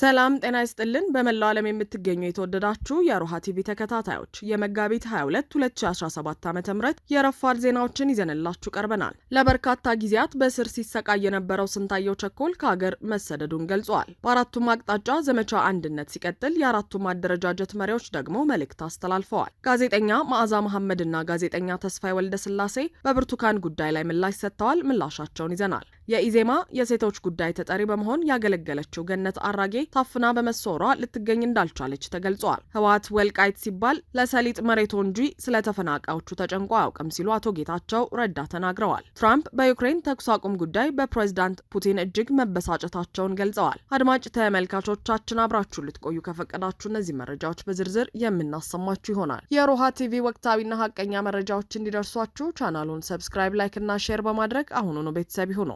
ሰላም ጤና ይስጥልን። በመላው ዓለም የምትገኙ የተወደዳችሁ የሮሃ ቲቪ ተከታታዮች የመጋቢት 22 2017 ዓ ም የረፋድ ዜናዎችን ይዘንላችሁ ቀርበናል። ለበርካታ ጊዜያት በእስር ሲሰቃይ የነበረው ስንታየው ቸኮል ከሀገር መሰደዱን ገልጿል። በአራቱም አቅጣጫ ዘመቻ አንድነት ሲቀጥል፣ የአራቱም አደረጃጀት መሪዎች ደግሞ መልእክት አስተላልፈዋል። ጋዜጠኛ መዓዛ መሐመድና ጋዜጠኛ ተስፋይ ወልደ ስላሴ በብርቱካን ጉዳይ ላይ ምላሽ ሰጥተዋል። ምላሻቸውን ይዘናል። የኢዜማ የሴቶች ጉዳይ ተጠሪ በመሆን ያገለገለችው ገነት አራጌ ታፍና በመሰወሯ ልትገኝ እንዳልቻለች ተገልጿል። ህወሓት ወልቃይት ሲባል ለሰሊጥ መሬቶ እንጂ ስለ ተፈናቃዮቹ ተጨንቆ አያውቅም ሲሉ አቶ ጌታቸው ረዳ ተናግረዋል። ትራምፕ በዩክሬን ተኩስ አቁም ጉዳይ በፕሬዝዳንት ፑቲን እጅግ መበሳጨታቸውን ገልጸዋል። አድማጭ ተመልካቾቻችን አብራችሁ ልትቆዩ ከፈቀዳችሁ እነዚህ መረጃዎች በዝርዝር የምናሰማችሁ ይሆናል። የሮሃ ቲቪ ወቅታዊና ሀቀኛ መረጃዎች እንዲደርሷችሁ ቻናሉን ሰብስክራይብ፣ ላይክ እና ሼር በማድረግ አሁኑኑ ቤተሰብ ይሁኑ።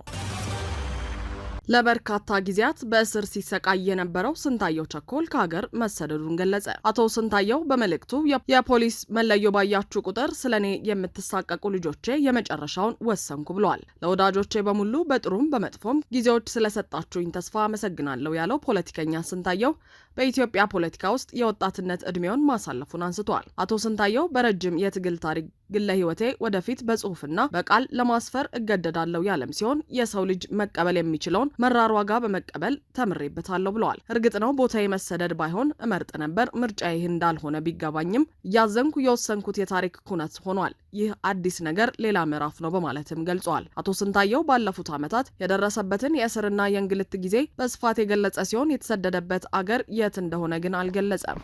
ለበርካታ ጊዜያት በእስር ሲሰቃይ የነበረው ስንታየው ቸኮል ከሀገር መሰደዱን ገለጸ። አቶ ስንታየው በመልእክቱ የፖሊስ መለዮ ባያችሁ ቁጥር ስለ እኔ የምትሳቀቁ ልጆቼ የመጨረሻውን ወሰንኩ ብለዋል። ለወዳጆቼ በሙሉ በጥሩም በመጥፎም ጊዜዎች ስለሰጣችሁኝ ተስፋ አመሰግናለሁ ያለው ፖለቲከኛ ስንታየው በኢትዮጵያ ፖለቲካ ውስጥ የወጣትነት ዕድሜውን ማሳለፉን አንስቷል። አቶ ስንታየው በረጅም የትግል ታሪክ ግለ ህይወቴ ወደፊት በጽሁፍና በቃል ለማስፈር እገደዳለው ያለም ሲሆን የሰው ልጅ መቀበል የሚችለውን መራር ዋጋ በመቀበል ተምሬበታለሁ ብለዋል። እርግጥ ነው ቦታ መሰደድ ባይሆን እመርጥ ነበር። ምርጫ ይህ እንዳልሆነ ቢገባኝም እያዘንኩ የወሰንኩት የታሪክ ኩነት ሆኗል። ይህ አዲስ ነገር ሌላ ምዕራፍ ነው በማለትም ገልጸዋል። አቶ ስንታየው ባለፉት ዓመታት የደረሰበትን የእስርና የእንግልት ጊዜ በስፋት የገለጸ ሲሆን የተሰደደበት አገር የት እንደሆነ ግን አልገለጸም።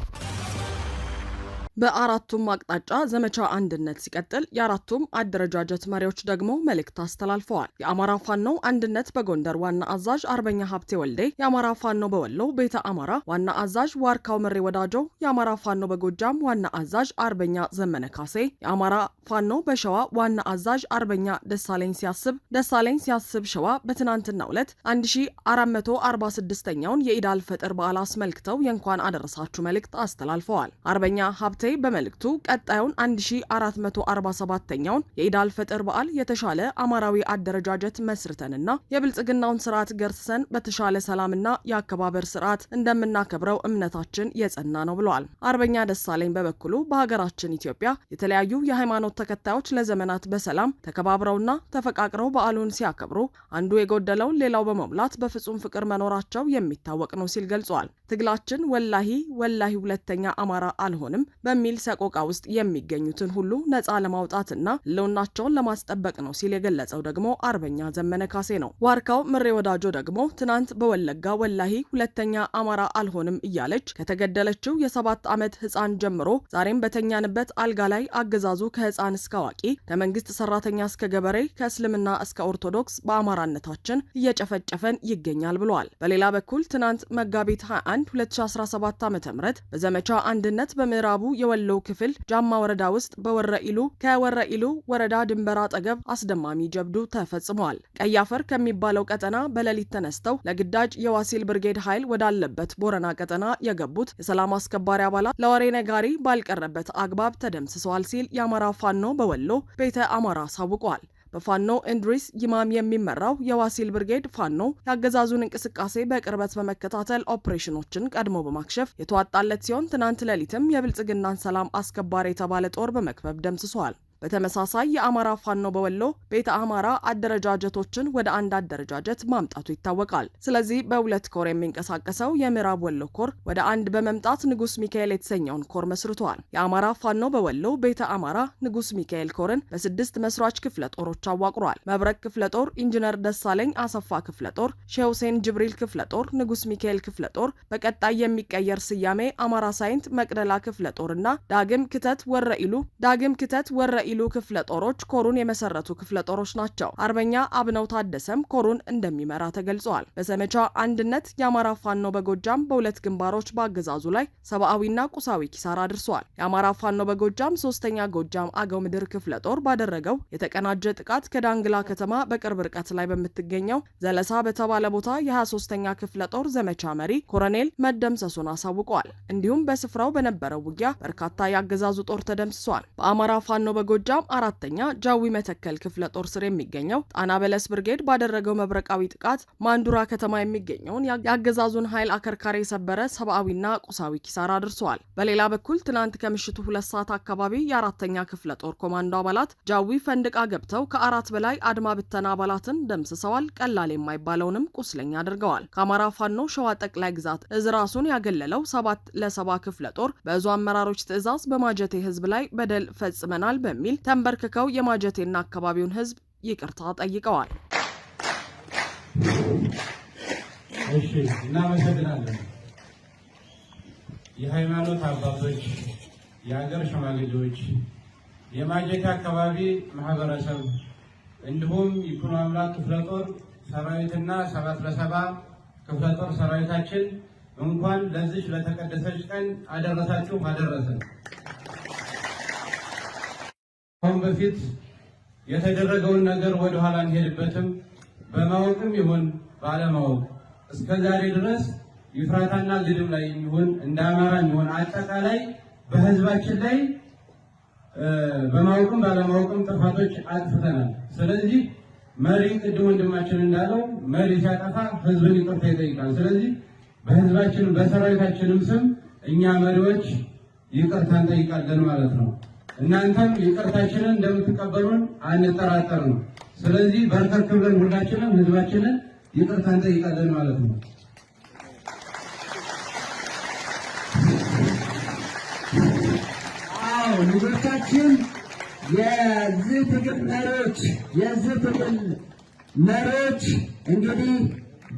በአራቱም አቅጣጫ ዘመቻ አንድነት ሲቀጥል የአራቱም አደረጃጀት መሪዎች ደግሞ መልእክት አስተላልፈዋል። የአማራ ፋኖ አንድነት በጎንደር ዋና አዛዥ አርበኛ ሀብቴ ወልዴ፣ የአማራ ፋኖ በወሎ ቤተ አማራ ዋና አዛዥ ዋርካው ምሬ ወዳጆ፣ የአማራ ፋኖ በጎጃም ዋና አዛዥ አርበኛ ዘመነ ካሴ፣ የአማራ ፋኖ በሸዋ ዋና አዛዥ አርበኛ ደሳለኝ ሲያስብ ደሳለኝ ሲያስብ ሸዋ በትናንትናው ዕለት 1446ኛውን የኢዳል ፈጥር በዓል አስመልክተው የእንኳን አደረሳችሁ መልእክት አስተላልፈዋል። አርበኛ ሀብቴ ሴይ በመልእክቱ ቀጣዩን 1447ኛውን የኢዳል ፈጥር በዓል የተሻለ አማራዊ አደረጃጀት መስርተንና የብልጽግናውን ስርዓት ገርስሰን በተሻለ ሰላምና የአከባበር ስርዓት እንደምናከብረው እምነታችን የጸና ነው ብለዋል። አርበኛ ደሳለኝ በበኩሉ በሀገራችን ኢትዮጵያ የተለያዩ የሃይማኖት ተከታዮች ለዘመናት በሰላም ተከባብረውና ተፈቃቅረው በዓሉን ሲያከብሩ አንዱ የጎደለውን ሌላው በመሙላት በፍጹም ፍቅር መኖራቸው የሚታወቅ ነው ሲል ገልጿል። ትግላችን ወላሂ ወላሂ ሁለተኛ አማራ አልሆንም በሚል ሰቆቃ ውስጥ የሚገኙትን ሁሉ ነጻ ለማውጣትና ህልውናቸውን ለማስጠበቅ ነው ሲል የገለጸው ደግሞ አርበኛ ዘመነ ካሴ ነው። ዋርካው ምሬ ወዳጆ ደግሞ ትናንት በወለጋ ወላሂ ሁለተኛ አማራ አልሆንም እያለች ከተገደለችው የሰባት ዓመት ህፃን ጀምሮ ዛሬም በተኛንበት አልጋ ላይ አገዛዙ ከህፃን እስከ አዋቂ ከመንግስት ሰራተኛ እስከ ገበሬ ከእስልምና እስከ ኦርቶዶክስ በአማራነታችን እየጨፈጨፈን ይገኛል ብለዋል። በሌላ በኩል ትናንት መጋቢት 21 1 2017 ዓ ም በዘመቻ አንድነት በምዕራቡ የወሎ ክፍል ጃማ ወረዳ ውስጥ በወረኢሉ ከወረኢሉ ወረዳ ድንበር አጠገብ አስደማሚ ጀብዱ ተፈጽሟል። ቀይ አፈር ከሚባለው ቀጠና በሌሊት ተነስተው ለግዳጅ የዋሲል ብርጌድ ኃይል ወዳለበት ቦረና ቀጠና የገቡት የሰላም አስከባሪ አባላት ለወሬ ነጋሪ ባልቀረበት አግባብ ተደምስሰዋል ሲል የአማራ ፋኖ በወሎ ቤተ አማራ አሳውቋል። በፋኖ እንድሪስ ይማም የሚመራው የዋሲል ብርጌድ ፋኖ የአገዛዙን እንቅስቃሴ በቅርበት በመከታተል ኦፕሬሽኖችን ቀድሞ በማክሸፍ የተዋጣለት ሲሆን ትናንት ሌሊትም የብልጽግናን ሰላም አስከባሪ የተባለ ጦር በመክበብ ደምስሷል። በተመሳሳይ የአማራ ፋኖ በወሎ ቤተ አማራ አደረጃጀቶችን ወደ አንድ አደረጃጀት ማምጣቱ ይታወቃል። ስለዚህ በሁለት ኮር የሚንቀሳቀሰው የምዕራብ ወሎ ኮር ወደ አንድ በመምጣት ንጉስ ሚካኤል የተሰኘውን ኮር መስርቷል። የአማራ ፋኖ በወሎ ቤተ አማራ ንጉስ ሚካኤል ኮርን በስድስት መስራች ክፍለ ጦሮች አዋቅሯል። መብረቅ ክፍለ ጦር፣ ኢንጂነር ደሳለኝ አሰፋ ክፍለ ጦር፣ ሼህ ሁሴን ጅብሪል ክፍለ ጦር፣ ንጉስ ሚካኤል ክፍለ ጦር በቀጣይ የሚቀየር ስያሜ አማራ ሳይንት መቅደላ ክፍለ ጦር ዳግም ክተት ወረኢሉ ኢሉ ዳግም ክተት ወረ ኢሉ ክፍለ ጦሮች ኮሩን የመሰረቱ ክፍለ ጦሮች ናቸው። አርበኛ አብነው ታደሰም ኮሩን እንደሚመራ ተገልጿል። በዘመቻ አንድነት የአማራ ፋኖ በጎጃም በሁለት ግንባሮች በአገዛዙ ላይ ሰብአዊና ቁሳዊ ኪሳራ አድርሷል። የአማራ ፋኖ በጎጃም ሶስተኛ ጎጃም አገው ምድር ክፍለ ጦር ባደረገው የተቀናጀ ጥቃት ከዳንግላ ከተማ በቅርብ ርቀት ላይ በምትገኘው ዘለሳ በተባለ ቦታ የ23ኛ ክፍለ ጦር ዘመቻ መሪ ኮሎኔል መደምሰሱን አሳውቀዋል። እንዲሁም በስፍራው በነበረው ውጊያ በርካታ የአገዛዙ ጦር ተደምስሷል። በአማራ ፋኖ በጎ በጎጃም አራተኛ ጃዊ መተከል ክፍለ ጦር ስር የሚገኘው ጣና በለስ ብርጌድ ባደረገው መብረቃዊ ጥቃት ማንዱራ ከተማ የሚገኘውን የአገዛዙን ኃይል አከርካሪ የሰበረ ሰብአዊና ቁሳዊ ኪሳራ አድርሰዋል። በሌላ በኩል ትናንት ከምሽቱ ሁለት ሰዓት አካባቢ የአራተኛ ክፍለ ጦር ኮማንዶ አባላት ጃዊ ፈንድቃ ገብተው ከአራት በላይ አድማ ብተና አባላትን ደምስሰዋል። ቀላል የማይባለውንም ቁስለኛ አድርገዋል። ከአማራ ፋኖ ሸዋ ጠቅላይ ግዛት እዝ ራሱን ያገለለው ሰባት ለሰባ ክፍለ ጦር በእዙ አመራሮች ትዕዛዝ በማጀቴ ህዝብ ላይ በደል ፈጽመናል በሚል በሚል ተንበርክከው የማጀቴና አካባቢውን ህዝብ ይቅርታ ጠይቀዋል። እሺ እናመሰግናለን። የሃይማኖት አባቶች፣ የሀገር ሽማግሌዎች፣ የማጀቴ አካባቢ ማህበረሰብ እንዲሁም ይኩኖ አምላክ ክፍለ ጦር ሰራዊትና ሰባት ለሰባ ክፍለ ጦር ሰራዊታችን እንኳን ለዚች ለተቀደሰች ቀን አደረሳችሁ አደረሰን። ከአሁን በፊት የተደረገውን ነገር ወደ ኋላ እንሄድበትም በማወቅም ይሁን ባለማወቅ እስከ ዛሬ ድረስ ይፍራታና ግድም ላይ የሚሆን እንደ አማራ የሚሆን አጠቃላይ በህዝባችን ላይ በማወቅም ባለማወቅም ጥፋቶች አጥፍተናል። ስለዚህ መሪ ቅድም ወንድማችን እንዳለው መሪ ሲያጠፋ ህዝብን ይቅርታ ይጠይቃል። ስለዚህ በህዝባችን በሰራዊታችንም ስም እኛ መሪዎች ይቅርታ እንጠይቃለን ማለት ነው። እናንተም ይቅርታችንን እንደምትቀበሉን አንጠራጠር ነው። ስለዚህ በርከት ብለን ሁላችንም ህዝባችንን ይቅርታ እንጠይቃለን ማለት ነው። አዎ ልጆቻችን የዚህ ትግል መሪዎች የዚህ ትግል መሪዎች እንግዲህ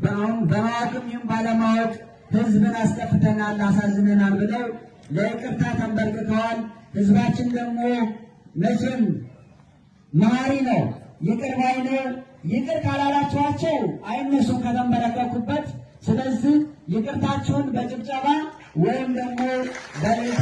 በአሁን በማወቅም ይሁን ባለማወቅ ህዝብን አስጠፍተናል፣ አሳዝነናል ብለው ለይቅርታ ተንበርክከዋል። ህዝባችን ደግሞ መቼም መሀሪ ነው፣ ይቅር ባይ ነው። ይቅር ካላላችኋቸው አይነሱም ከተንበረከኩበት። ስለዚህ ይቅርታችሁን በጭብጨባ ወይም ደግሞ በሌታ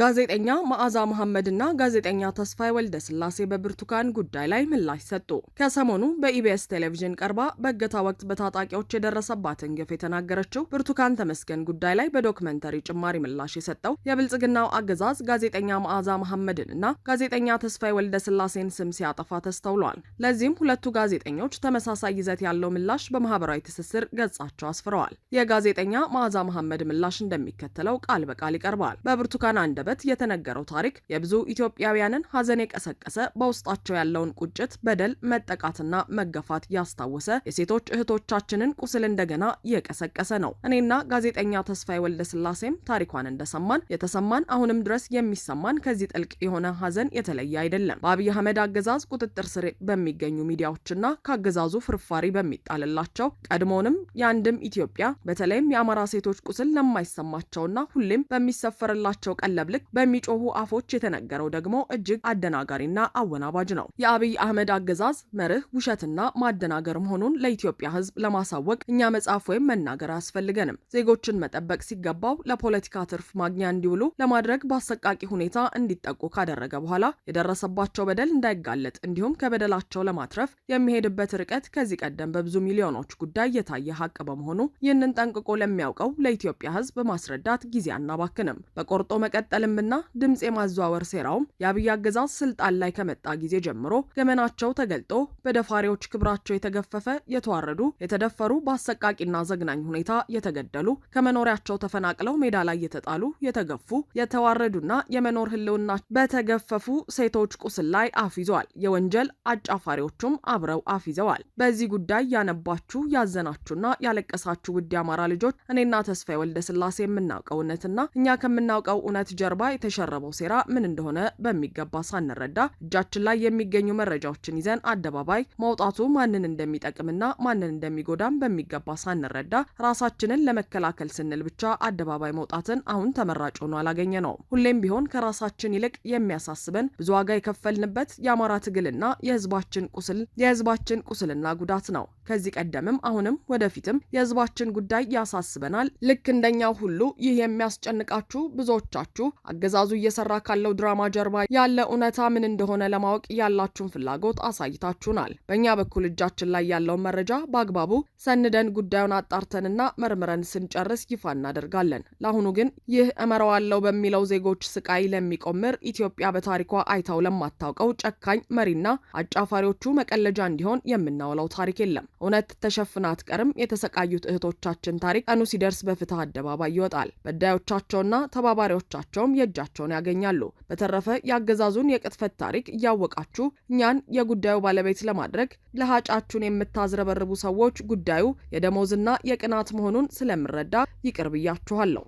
ጋዜጠኛ መዓዛ መሐመድና ጋዜጠኛ ተስፋይ ወልደ ስላሴ በብርቱካን ጉዳይ ላይ ምላሽ ሰጡ። ከሰሞኑ በኢቢኤስ ቴሌቪዥን ቀርባ በእገታ ወቅት በታጣቂዎች የደረሰባትን ግፍ የተናገረችው ብርቱካን ተመስገን ጉዳይ ላይ በዶክመንተሪ ጭማሪ ምላሽ የሰጠው የብልጽግናው አገዛዝ ጋዜጠኛ መዓዛ መሐመድን እና ጋዜጠኛ ተስፋይ ወልደ ስላሴን ስም ሲያጠፋ ተስተውሏል። ለዚህም ሁለቱ ጋዜጠኞች ተመሳሳይ ይዘት ያለው ምላሽ በማህበራዊ ትስስር ገጻቸው አስፍረዋል። የጋዜጠኛ መዓዛ መሐመድ ምላሽ እንደሚከተለው ቃል በቃል ይቀርባል። በብርቱካን አንደ አንደበት የተነገረው ታሪክ የብዙ ኢትዮጵያውያንን ሀዘን የቀሰቀሰ በውስጣቸው ያለውን ቁጭት፣ በደል፣ መጠቃትና መገፋት ያስታወሰ የሴቶች እህቶቻችንን ቁስል እንደገና የቀሰቀሰ ነው። እኔና ጋዜጠኛ ተስፋዬ ወልደ ስላሴም ታሪኳን እንደሰማን የተሰማን አሁንም ድረስ የሚሰማን ከዚህ ጥልቅ የሆነ ሀዘን የተለየ አይደለም። በአብይ አህመድ አገዛዝ ቁጥጥር ስር በሚገኙ ሚዲያዎችና ከአገዛዙ ፍርፋሪ በሚጣልላቸው ቀድሞንም የአንድም ኢትዮጵያ በተለይም የአማራ ሴቶች ቁስል ለማይሰማቸውና ሁሌም በሚሰፈርላቸው ቀለብል ልክ በሚጮሁ አፎች የተነገረው ደግሞ እጅግ አደናጋሪና አወናባጅ ነው። የአብይ አህመድ አገዛዝ መርህ ውሸትና ማደናገር መሆኑን ለኢትዮጵያ ህዝብ ለማሳወቅ እኛ መጻፍ ወይም መናገር አያስፈልገንም። ዜጎችን መጠበቅ ሲገባው ለፖለቲካ ትርፍ ማግኛ እንዲውሉ ለማድረግ በአሰቃቂ ሁኔታ እንዲጠቁ ካደረገ በኋላ የደረሰባቸው በደል እንዳይጋለጥ እንዲሁም ከበደላቸው ለማትረፍ የሚሄድበት ርቀት ከዚህ ቀደም በብዙ ሚሊዮኖች ጉዳይ የታየ ሀቅ በመሆኑ ይህንን ጠንቅቆ ለሚያውቀው ለኢትዮጵያ ህዝብ ማስረዳት ጊዜ አናባክንም። በቆርጦ መቀጠል የማለምና ድምፅ የማዘዋወር ሴራውም የአብይ አገዛዝ ስልጣን ላይ ከመጣ ጊዜ ጀምሮ ገመናቸው ተገልጦ በደፋሪዎች ክብራቸው የተገፈፈ የተዋረዱ፣ የተደፈሩ፣ በአሰቃቂና ዘግናኝ ሁኔታ የተገደሉ፣ ከመኖሪያቸው ተፈናቅለው ሜዳ ላይ የተጣሉ፣ የተገፉ፣ የተዋረዱና የመኖር ህልውና በተገፈፉ ሴቶች ቁስል ላይ አፍይዘዋል። የወንጀል አጫፋሪዎቹም አብረው አፍይዘዋል። በዚህ ጉዳይ ያነባችሁ ያዘናችሁና ያለቀሳችሁ ውድ የአማራ ልጆች እኔና ተስፋዬ ወልደ ስላሴ የምናውቀው እውነትና እኛ ከምናውቀው እውነት ጀ ጀርባ የተሸረበው ሴራ ምን እንደሆነ በሚገባ ሳንረዳ እጃችን ላይ የሚገኙ መረጃዎችን ይዘን አደባባይ መውጣቱ ማንን እንደሚጠቅምና ማንን እንደሚጎዳም በሚገባ ሳንረዳ ራሳችንን ለመከላከል ስንል ብቻ አደባባይ መውጣትን አሁን ተመራጭ ሆኖ አላገኘ ነው። ሁሌም ቢሆን ከራሳችን ይልቅ የሚያሳስበን ብዙ ዋጋ የከፈልንበት የአማራ ትግልና የህዝባችን ቁስል የህዝባችን ቁስልና ጉዳት ነው። ከዚህ ቀደምም አሁንም ወደፊትም የህዝባችን ጉዳይ ያሳስበናል። ልክ እንደኛው ሁሉ ይህ የሚያስጨንቃችሁ ብዙዎቻችሁ አገዛዙ እየሰራ ካለው ድራማ ጀርባ ያለ እውነታ ምን እንደሆነ ለማወቅ ያላችሁን ፍላጎት አሳይታችሁናል። በእኛ በኩል እጃችን ላይ ያለውን መረጃ በአግባቡ ሰንደን ጉዳዩን አጣርተንና መርምረን ስንጨርስ ይፋ እናደርጋለን። ለአሁኑ ግን ይህ እመረዋለው በሚለው ዜጎች ስቃይ ለሚቆምር ኢትዮጵያ በታሪኳ አይታው ለማታውቀው ጨካኝ መሪና አጫፋሪዎቹ መቀለጃ እንዲሆን የምናውለው ታሪክ የለም። እውነት ተሸፍና አትቀርም። የተሰቃዩት እህቶቻችን ታሪክ ቀኑ ሲደርስ በፍትህ አደባባይ ይወጣል። በዳዮቻቸውና ተባባሪዎቻቸው በመረጃውም የእጃቸውን ያገኛሉ። በተረፈ የአገዛዙን የቅጥፈት ታሪክ እያወቃችሁ እኛን የጉዳዩ ባለቤት ለማድረግ ለሀጫችሁን የምታዝረበርቡ ሰዎች ጉዳዩ የደሞዝና የቅናት መሆኑን ስለምረዳ ይቅር ብያችኋለሁ።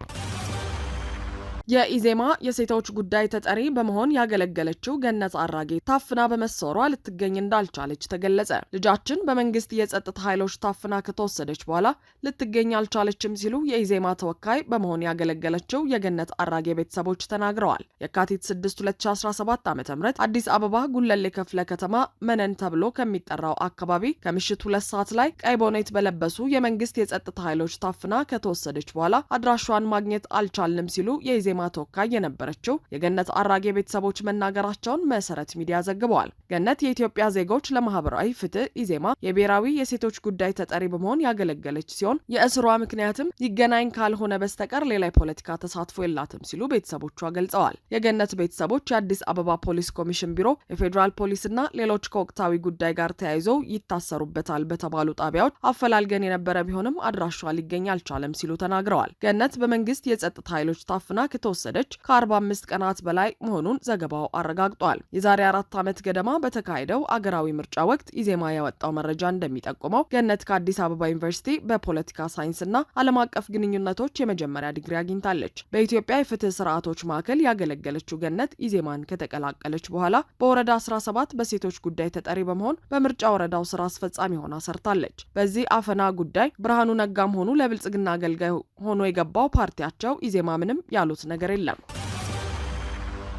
የኢዜማ የሴቶች ጉዳይ ተጠሪ በመሆን ያገለገለችው ገነት አራጌ ታፍና በመሰወሯ ልትገኝ እንዳልቻለች ተገለጸ። ልጃችን በመንግስት የጸጥታ ኃይሎች ታፍና ከተወሰደች በኋላ ልትገኝ አልቻለችም ሲሉ የኢዜማ ተወካይ በመሆን ያገለገለችው የገነት አራጌ ቤተሰቦች ተናግረዋል። የካቲት 6 2017 ዓ ም አዲስ አበባ ጉለሌ ክፍለ ከተማ መነን ተብሎ ከሚጠራው አካባቢ ከምሽት ሁለት ሰዓት ላይ ቀይ ቦኔት በለበሱ የመንግስት የጸጥታ ኃይሎች ታፍና ከተወሰደች በኋላ አድራሿን ማግኘት አልቻልንም ሲሉ የኢዜማ ከተማ ተወካይ የነበረችው የገነት አራጌ ቤተሰቦች መናገራቸውን መሰረት ሚዲያ ዘግበዋል። ገነት የኢትዮጵያ ዜጎች ለማህበራዊ ፍትህ ኢዜማ የብሔራዊ የሴቶች ጉዳይ ተጠሪ በመሆን ያገለገለች ሲሆን የእስሯ ምክንያትም ይገናኝ ካልሆነ በስተቀር ሌላ የፖለቲካ ተሳትፎ የላትም ሲሉ ቤተሰቦቿ ገልጸዋል። የገነት ቤተሰቦች የአዲስ አበባ ፖሊስ ኮሚሽን ቢሮ፣ የፌዴራል ፖሊስና ሌሎች ከወቅታዊ ጉዳይ ጋር ተያይዘው ይታሰሩበታል በተባሉ ጣቢያዎች አፈላልገን የነበረ ቢሆንም አድራሿ ሊገኝ አልቻለም ሲሉ ተናግረዋል። ገነት በመንግስት የጸጥታ ኃይሎች ታፍና ከተወሰደች ከ45 ቀናት በላይ መሆኑን ዘገባው አረጋግጧል። የዛሬ አራት ዓመት ገደማ በተካሄደው አገራዊ ምርጫ ወቅት ኢዜማ ያወጣው መረጃ እንደሚጠቁመው ገነት ከአዲስ አበባ ዩኒቨርሲቲ በፖለቲካ ሳይንስና ዓለም አቀፍ ግንኙነቶች የመጀመሪያ ዲግሪ አግኝታለች። በኢትዮጵያ የፍትህ ስርዓቶች ማዕከል ያገለገለችው ገነት ኢዜማን ከተቀላቀለች በኋላ በወረዳ 17 በሴቶች ጉዳይ ተጠሪ በመሆን በምርጫ ወረዳው ስራ አስፈጻሚ ሆና ሰርታለች። በዚህ አፈና ጉዳይ ብርሃኑ ነጋም ሆኑ ለብልጽግና አገልጋይ ሆኖ የገባው ፓርቲያቸው ኢዜማ ምንም ያሉት ነገር የለም።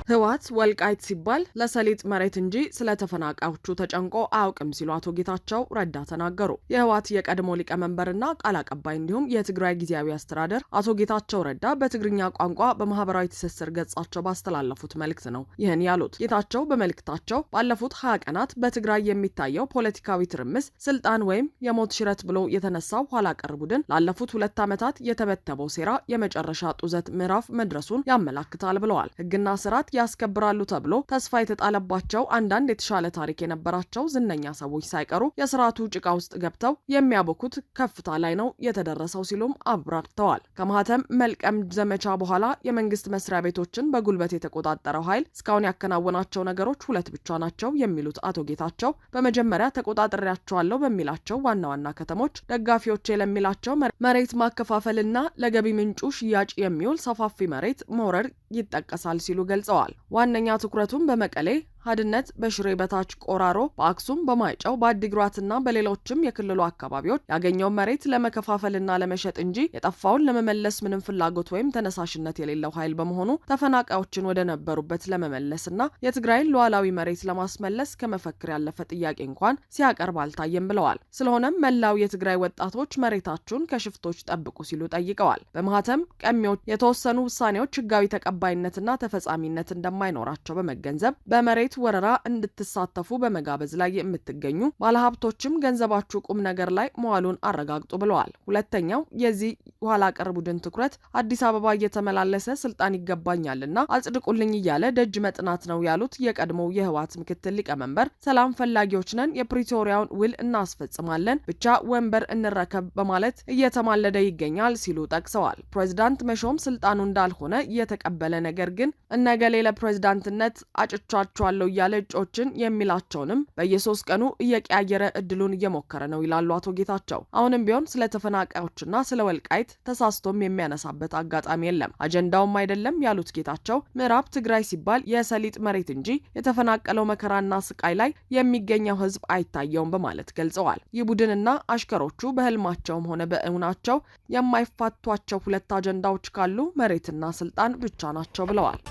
ህወሓት ወልቃይት ሲባል ለሰሊጥ መሬት እንጂ ስለ ተፈናቃዮቹ ተጨንቆ አያውቅም ሲሉ አቶ ጌታቸው ረዳ ተናገሩ። የህወሓት የቀድሞ ሊቀመንበርና ቃል አቀባይ እንዲሁም የትግራይ ጊዜያዊ አስተዳደር አቶ ጌታቸው ረዳ በትግርኛ ቋንቋ በማህበራዊ ትስስር ገጻቸው ባስተላለፉት መልእክት ነው ይህን ያሉት። ጌታቸው በመልእክታቸው ባለፉት ሀያ ቀናት በትግራይ የሚታየው ፖለቲካዊ ትርምስ ስልጣን ወይም የሞት ሽረት ብሎ የተነሳው ኋላ ቀር ቡድን ላለፉት ሁለት ዓመታት የተበተበው ሴራ የመጨረሻ ጡዘት ምዕራፍ መድረሱን ያመላክታል ብለዋል። ህግና ስርዓት ያስከብራሉ ተብሎ ተስፋ የተጣለባቸው አንዳንድ የተሻለ ታሪክ የነበራቸው ዝነኛ ሰዎች ሳይቀሩ የስርዓቱ ጭቃ ውስጥ ገብተው የሚያቦኩት ከፍታ ላይ ነው የተደረሰው ሲሉም አብራርተዋል። ከማህተም መልቀም ዘመቻ በኋላ የመንግስት መስሪያ ቤቶችን በጉልበት የተቆጣጠረው ኃይል እስካሁን ያከናወናቸው ነገሮች ሁለት ብቻ ናቸው የሚሉት አቶ ጌታቸው በመጀመሪያ ተቆጣጠሪያቸዋለሁ በሚላቸው ዋና ዋና ከተሞች ደጋፊዎቼ ለሚላቸው መሬት ማከፋፈልና ለገቢ ምንጩ ሽያጭ የሚውል ሰፋፊ መሬት መውረድ ይጠቀሳል ሲሉ ገልጸዋል። ተናግረዋል። ዋነኛ ትኩረቱም በመቀሌ ሀድነት በሽሬ በታች ቆራሮ፣ በአክሱም፣ በማይጨው፣ በአዲግራትና በሌሎችም የክልሉ አካባቢዎች ያገኘውን መሬት ለመከፋፈልና ለመሸጥ እንጂ የጠፋውን ለመመለስ ምንም ፍላጎት ወይም ተነሳሽነት የሌለው ኃይል በመሆኑ ተፈናቃዮችን ወደ ነበሩበት ለመመለስና የትግራይን ሉዓላዊ መሬት ለማስመለስ ከመፈክር ያለፈ ጥያቄ እንኳን ሲያቀርብ አልታየም ብለዋል። ስለሆነም መላው የትግራይ ወጣቶች መሬታችሁን ከሽፍቶች ጠብቁ ሲሉ ጠይቀዋል። በማህተም ቀሚዎች የተወሰኑ ውሳኔዎች ህጋዊ ተቀባይነትና ተፈጻሚነት እንደማይኖራቸው በመገንዘብ በመሬት በኩዌት ወረራ እንድትሳተፉ በመጋበዝ ላይ የምትገኙ ባለሀብቶችም ገንዘባችሁ ቁም ነገር ላይ መዋሉን አረጋግጡ ብለዋል። ሁለተኛው የዚህ ኋላ ቀር ቡድን ትኩረት አዲስ አበባ እየተመላለሰ ስልጣን ይገባኛልና አጽድቁልኝ እያለ ደጅ መጥናት ነው ያሉት የቀድሞው የህወሓት ምክትል ሊቀመንበር ሰላም ፈላጊዎች ነን፣ የፕሪቶሪያውን ውል እናስፈጽማለን፣ ብቻ ወንበር እንረከብ በማለት እየተማለደ ይገኛል ሲሉ ጠቅሰዋል። ፕሬዚዳንት መሾም ስልጣኑ እንዳልሆነ እየተቀበለ ነገር ግን እነገሌ ለፕሬዚዳንትነት አጭቻቸዋለሁ አለው እያለ እጮችን የሚላቸውንም በየሶስት ቀኑ እየቀያየረ እድሉን እየሞከረ ነው ይላሉ አቶ ጌታቸው። አሁንም ቢሆን ስለ ተፈናቃዮችና ስለ ወልቃይት ተሳስቶም የሚያነሳበት አጋጣሚ የለም አጀንዳውም አይደለም ያሉት ጌታቸው ምዕራብ ትግራይ ሲባል የሰሊጥ መሬት እንጂ የተፈናቀለው መከራና ስቃይ ላይ የሚገኘው ሕዝብ አይታየውም በማለት ገልጸዋል። ይህ ቡድንና አሽከሮቹ በህልማቸውም ሆነ በእውናቸው የማይፋቷቸው ሁለት አጀንዳዎች ካሉ መሬትና ስልጣን ብቻ ናቸው ብለዋል።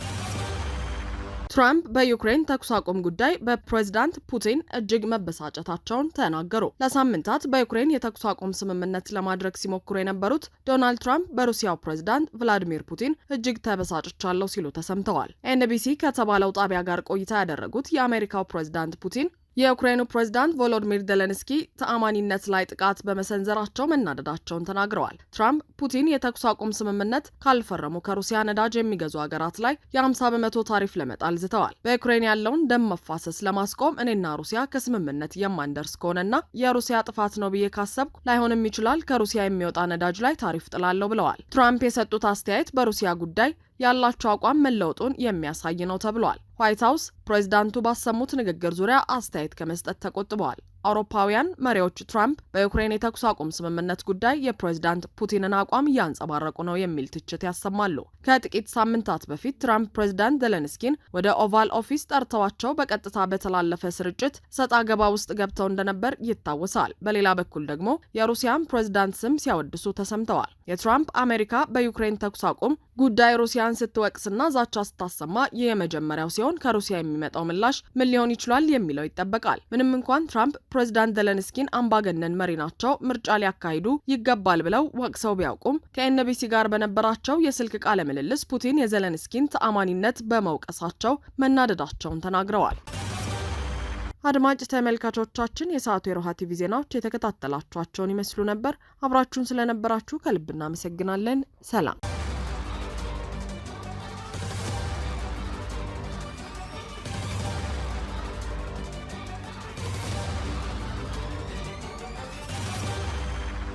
ትራምፕ በዩክሬን ተኩስ አቁም ጉዳይ በፕሬዝዳንት ፑቲን እጅግ መበሳጨታቸውን ተናገሩ። ለሳምንታት በዩክሬን የተኩስ አቁም ስምምነት ለማድረግ ሲሞክሩ የነበሩት ዶናልድ ትራምፕ በሩሲያው ፕሬዝዳንት ቭላዲሚር ፑቲን እጅግ ተበሳጭቻለሁ ሲሉ ተሰምተዋል። ኤንቢሲ ከተባለው ጣቢያ ጋር ቆይታ ያደረጉት የአሜሪካው ፕሬዝዳንት ፑቲን የዩክሬኑ ፕሬዚዳንት ቮሎዲሚር ዘለንስኪ ተአማኒነት ላይ ጥቃት በመሰንዘራቸው መናደዳቸውን ተናግረዋል። ትራምፕ ፑቲን የተኩስ አቁም ስምምነት ካልፈረሙ ከሩሲያ ነዳጅ የሚገዙ ሀገራት ላይ የ50 በመቶ ታሪፍ ለመጣል ዝተዋል። በዩክሬን ያለውን ደም መፋሰስ ለማስቆም እኔና ሩሲያ ከስምምነት የማንደርስ ከሆነና የሩሲያ ጥፋት ነው ብዬ ካሰብኩ ላይሆንም ይችላል ከሩሲያ የሚወጣ ነዳጅ ላይ ታሪፍ ጥላለሁ ብለዋል። ትራምፕ የሰጡት አስተያየት በሩሲያ ጉዳይ ያላቸው አቋም መለወጡን የሚያሳይ ነው ተብሏል። ዋይት ሀውስ ፕሬዚዳንቱ ባሰሙት ንግግር ዙሪያ አስተያየት ከመስጠት ተቆጥበዋል። አውሮፓውያን መሪዎች ትራምፕ በዩክሬን የተኩስ አቁም ስምምነት ጉዳይ የፕሬዚዳንት ፑቲንን አቋም እያንጸባረቁ ነው የሚል ትችት ያሰማሉ። ከጥቂት ሳምንታት በፊት ትራምፕ ፕሬዚዳንት ዘለንስኪን ወደ ኦቫል ኦፊስ ጠርተዋቸው በቀጥታ በተላለፈ ስርጭት ሰጥ አገባ ውስጥ ገብተው እንደነበር ይታወሳል። በሌላ በኩል ደግሞ የሩሲያን ፕሬዚዳንት ስም ሲያወድሱ ተሰምተዋል። የትራምፕ አሜሪካ በዩክሬን ተኩስ አቁም ጉዳይ ሩሲያን ስትወቅስና ዛቻ ስታሰማ ይህ የመጀመሪያው ሲሆን ከሩሲያ የሚመጣው ምላሽ ምን ሊሆን ይችላል የሚለው ይጠበቃል። ምንም እንኳን ትራምፕ ፕሬዚዳንት ዘለንስኪን አምባገነን መሪ ናቸው፣ ምርጫ ሊያካሂዱ ይገባል ብለው ወቅሰው ቢያውቁም ከኤንቢሲ ጋር በነበራቸው የስልክ ቃለ ምልልስ ፑቲን የዘለንስኪን ተአማኒነት በመውቀሳቸው መናደዳቸውን ተናግረዋል። አድማጭ ተመልካቾቻችን የሰዓቱ የሮሃ ቲቪ ዜናዎች የተከታተላችኋቸውን ይመስሉ ነበር። አብራችሁን ስለነበራችሁ ከልብ እናመሰግናለን። ሰላም